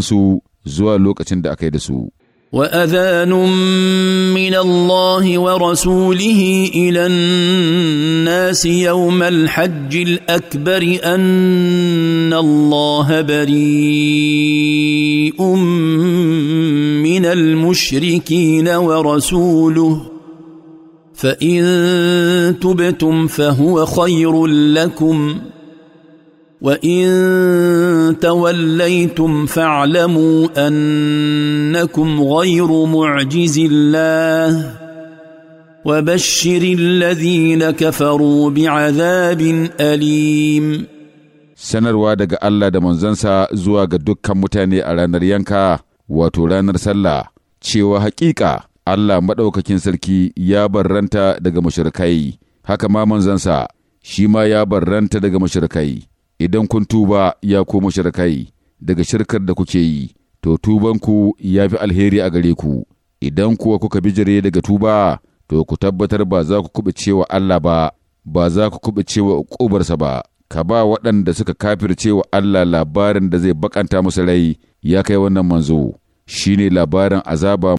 su zuwa lokacin da aka yi da su. وأذان من الله ورسوله إلى الناس يوم الحج الأكبر أن الله بريء من المشركين ورسوله فإن تبتم فهو خير لكم ۖ وان توليتم فاعلموا انكم غير معجز الله وبشر الذين كفروا بعذاب اليم sanarwa daga Allah da manzansa zuwa ga dukkan mutane a ranar yanka wato ranar sallah cewa hakika Allah maɗaukakin sarki ya barranta daga mashirkai haka ma manzansa shi ma ya barranta daga mashirkai idan kun tuba ya komo shirkai daga shirkar da kuke yi to tubanku ya fi alheri a gare ku idan kuwa kuka bijire daga tuba to ku tabbatar ba za ku kuɓe cewa Allah ba ba za ku kuɓe cewa ƙubarsa ba ka ba waɗanda suka kafir cewa Allah labarin da zai bakanta musu rai ya kai wannan manzo shi ne labarin azaba